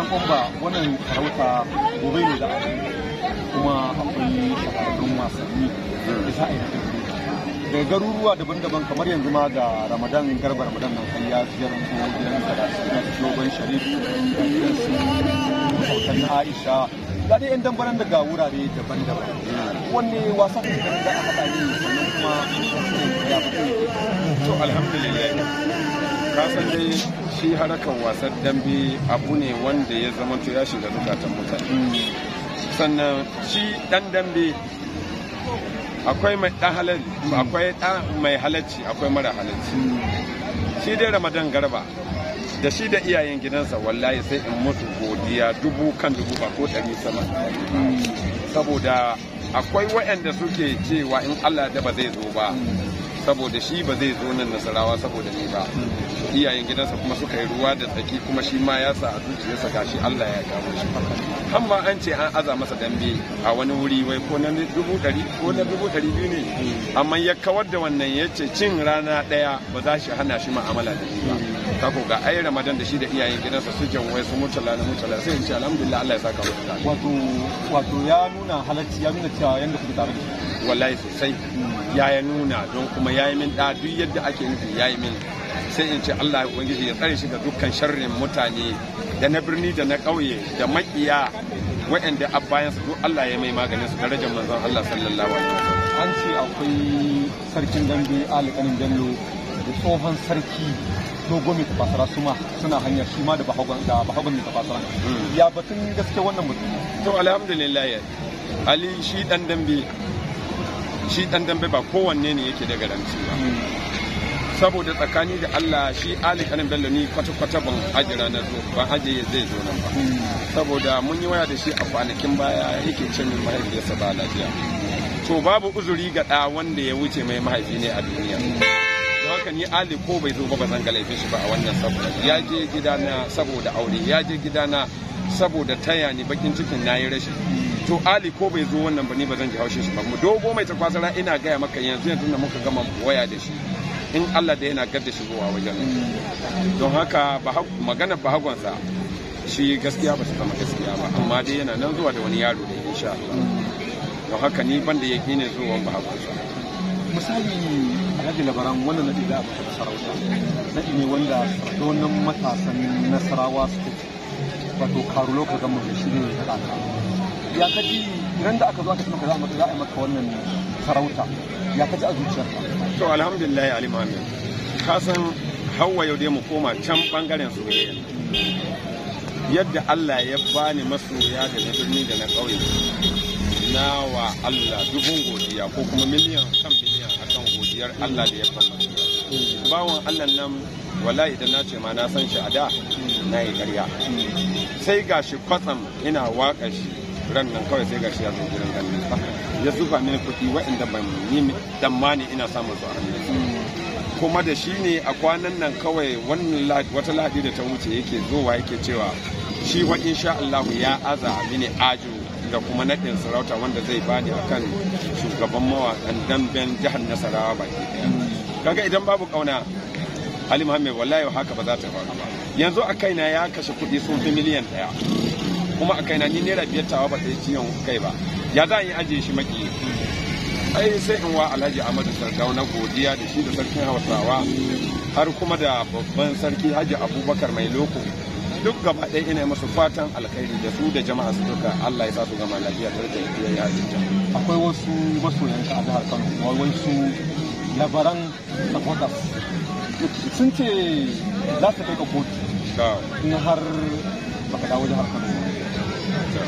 dan kwamba wannan sarauta gobe ne da kuma akwai shahararrun wasanni da za a yi da garuruwa daban-daban kamar yanzu ma da ramadan garba ramadan nan kan ya ziyar gidan da shogon sharif na aisha da dai yan dambaran daga wurare daban-daban wanne wasan da a haɗa ne sannan kuma ya fito to alhamdulillah kasan dai shi harakan wasan dambe abu ne wanda ya zamanto ya shiga zukatan mutane sannan shi dan dambe akwai mai dan halal akwai dan mai halacci akwai mara halacci shi dai ramadan garba da shi da iyayen gidansa wallahi sai in musu godiya dubu kan dubu ba ko dari sama saboda akwai waɗanda suke cewa in allah da ba zai zo ba saboda shi ba zai zo nan nasarawa saboda ni ba iyayen gidansa kuma suka yi ruwa da tsaki kuma shi ma ya sa a zuciyarsa gashi Allah ya kawo shi har an ce an aza masa dambe a wani wuri wai ko na dubu ɗari ko na dubu ɗari biyu ne amma ya kawar da wannan ya ce cin rana ɗaya ba za shi hana shi ma'amala da ni ba kako ga ayi ramadan da shi da iyayen gidansa su wai su mutala na mutala sai in ce alhamdulillah Allah ya saka wa wato wato ya nuna halacci ya nuna cewa yanda kuke tare da shi wallahi sosai ya nuna don kuma yayi min da duk yadda ake nufi yayi min sai in ce Allah ubangiji ya tsare shi ga dukkan sharrin mutane da na birni da na ƙauye da makiya wa'anda a bayan su Allah ya mai maganin su darajar manzon Allah sallallahu alaihi wasallam an ce akwai sarkin dambe alƙanin dallo da tsohon sarki dogo mai tafasara su ma suna hanya shi ma da bahagon da bahagon mai hmm. ya batun gaske wannan mutum to alhamdulillah ali shi dan dambe shi dan dambe ba kowanne ne yake da garanti ba hmm. saboda tsakani da Allah shi Ali kanin Bello ni kwata-kwata ban aji ranar zo ban aji zai zo nan ba hmm. saboda mun yi waya da shi a kwanakin baya yake ce min mahaifiyarsa ba lafiya to babu uzuri ga ɗa wanda ya wuce mai mahaifi ne a duniya haka ni ali ko bai zo ba ba zan galaife shi ba a wannan saboda ya je gidana saboda aure ya je gidana saboda taya ni bakin cikin nayi rashin to ali ko bai zo wannan ba ni ba zan ji haushin shi ba mu dogo mai takwasara ina gaya maka yanzu yanzu da muka gama waya da shi in Allah da yana gadda zuwa wajen don haka magana bahagonsa shi gaskiya ba su zama gaskiya ba amma dai yana nan zuwa da wani yaro da insha Allah don haka ni ban da yake ne zuwa bahagonsa misali alhaji labaran wannan nadi da aka da sarauta nadi ne wanda donan matasan nasarawa suka ci wato karulo ka gama shi ne ya kaka ya kaji idan da aka zo aka maka za a maka za a maka wannan sarauta ya kaji a zuciyarka to alhamdulillah ali mamin ka san hawa yau dai mu koma can bangaren su yadda Allah ya bani masoya da na birni da na ƙauye na wa Allah dubun godiya ko kuma miliyan kan Bawon Allah da ya bawan Allah nan wala idan na ce ma na san shi a da na yi karya sai gashi kwatsam ina waka shi ran nan kawai sai gashi ya zo gidan ganin ya zuba mini kuɗi waɗanda ban yi damani ina samun su a kuma da shi ne a kwanan nan kawai wata ladi da ta wuce yake zowa yake cewa shi wa insha Allah ya aza mini ajo da kuma naɗin sarauta wanda zai bani akan shugaban mawaƙan damben jihar nasarawa baki ɗaya kaga idan babu ƙauna ali muhammed wallahi haka ba za ta faru ba yanzu a kaina ya kashe kuɗi sun fi miliyan ɗaya kuma a kaina ni naira biyar tawa ba ta yi ciyan kai ba ya za a yi ajiye shi maki ai sai in wa alhaji ahmadu na godiya da shi da sarkin hausawa har kuma da babban sarki haji abubakar mai loko duk gaba ɗaya ina masu fatan alkhairi da su da jama'a su duka Allah ya sa su gama lafiya da rage yi a akwai wasu masoyanka a jihar Kano wai su labaran supporters sun ce za su kai ka kotu in har baka dawo jihar Kano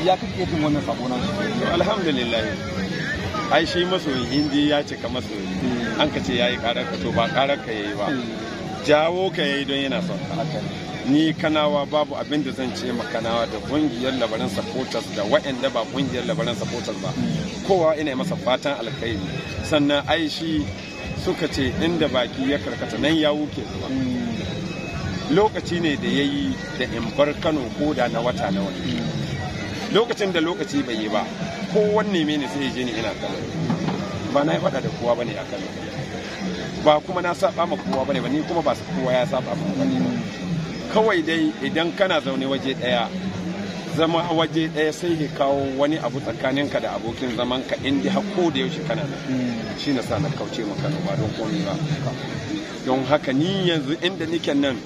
ya kake jin wannan sako nan alhamdulillah ai shi masoyin hindi ya cika masoyi hmm. an ka ce yayi karar ka to ba karar ka yayi ba hmm. jawo ka yayi don yana son ka ni kanawa babu abin da zan ce ma kanawa da kungiyar labaran supporters da waɗanda ba kungiyar labaran supporters ba kowa ina masa fatan alkhairi sannan ai shi suka ce inda baki ya karkata nan ya wuke zuwa lokaci ne da ya yi da in bar kano ko da na wata na wani lokacin da lokaci bai yi ba kowanne mene sai ya je ni ina kano ba na yi faɗa da kowa bane a kano ba kuma na saba ma kowa bane ba ni kuma ba kowa ya saba ma bane ba kawai dai idan kana zaune waje ɗaya zama a waje ɗaya sai ya kawo wani abu tsakaninka da abokin zaman ka inda hako da yaushe kana da mm. shi na sa na kauce maka ba don komi ba don haka ni yanzu inda nike nan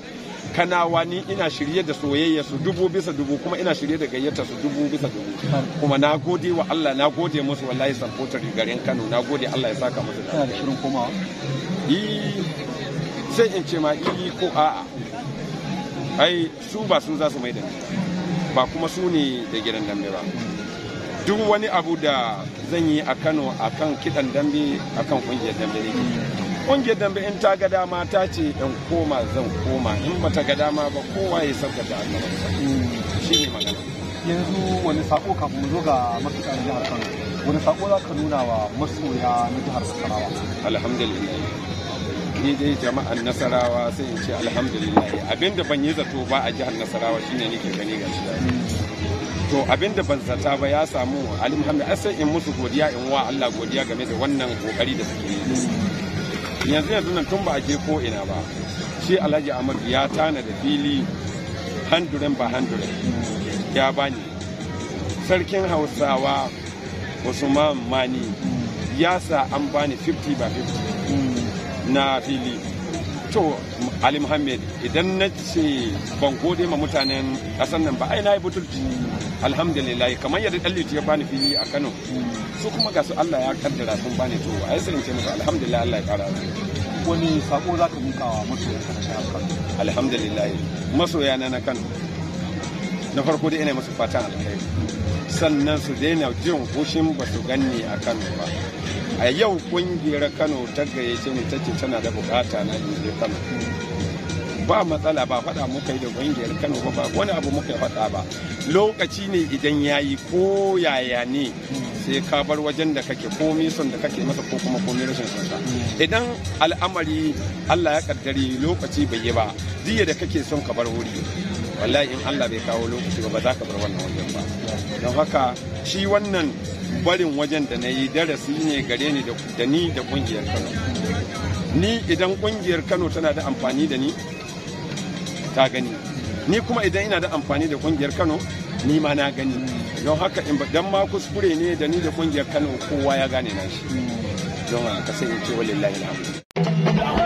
kana ni ina shirye da soyayya su dubu bisa dubu kuma ina shirye da gayyata su dubu bisa dubu kuma na gode wa Allah na gode musu wallahi supporter garin Kano na gode Allah ya saka musu da shirin komawa sai in ce ma ko a'a ai su ba sun za su mai da ba kuma su ne da gidan dambe ba duk wani abu da zan yi a kano a kan kiɗan dambe a kan ƙungiyar dambe ne ƙungiyar dambe in ta ga dama ta ce in koma zan koma in ba ta ga dama ba kowa ya sauka da shi ne magana yanzu wani sako kafin mu zo ga matuƙar jihar kano wani sako za ka nuna wa masoya na jihar nasarawa alhamdulillah ni dai jama'an nasarawa sai in ce alhamdulillah abinda ban yi zato ba a jihar nasarawa shine nake gani ga shi to abinda ban zata ba ya samu alhamdulillah sai in musu godiya in wa Allah godiya game da wannan kokari da suke yi yanzu yanzu nan tun ba a je ko ina ba shi Alhaji Ahmad ya tana da fili handuren ba handuren ya bani sarkin Hausawa Usman Mani ya sa an bani 50 ba 50 na fili to ali muhammed idan na ce ban gode ma mutanen ƙasar nan ba ai na yi butulci alhamdulillah kamar yadda dan ya bani fili a kano su kuma ga su allah ya kaddara sun bani to ai sun ce musu alhamdulillah allah ya kara wani sako za ka mikawa masoya ka na kano alhamdulillah masoya na na kano na farko dai ina musu fatan alkhairi sannan su daina jin hushin ba su ganni a kano ba a yau kungiyar kano ta gayyace ni ta ce tana da bukata na kano ba matsala ba faɗa muka yi da kungiyar kano ba wani abu muka yi faɗa ba lokaci ne idan ya yi ko yaya ne sai ka bar wajen da kake komi son da kake masa ko kuma komi rashin son sa idan al'amari allah ya kaddare lokaci bai yi ba jiya da kake son ka bar wuri wallahi in Allah bai kawo lokaci ba za ka bar wannan wajen ba don haka shi wannan barin wajen da na yi darasi ne gare ni da ni da kungiyar Kano ni idan kungiyar Kano tana da amfani da ni ta gani ni kuma idan ina da amfani da kungiyar Kano ni ma na gani don haka in dan ma kuskure ne da ni da kungiyar Kano kowa ya gane na shi don haka sai in ce wallahi alhamdulillah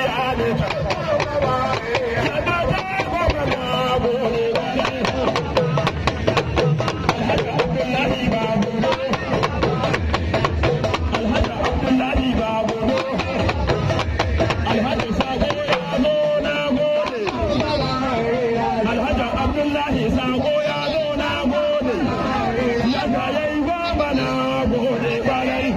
wallahi sako ya zo na gode yadda ya yi gwamba na gode kwarai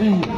Thank hmm. you.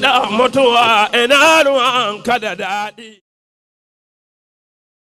da mutuwa ina ruwan ka da daɗi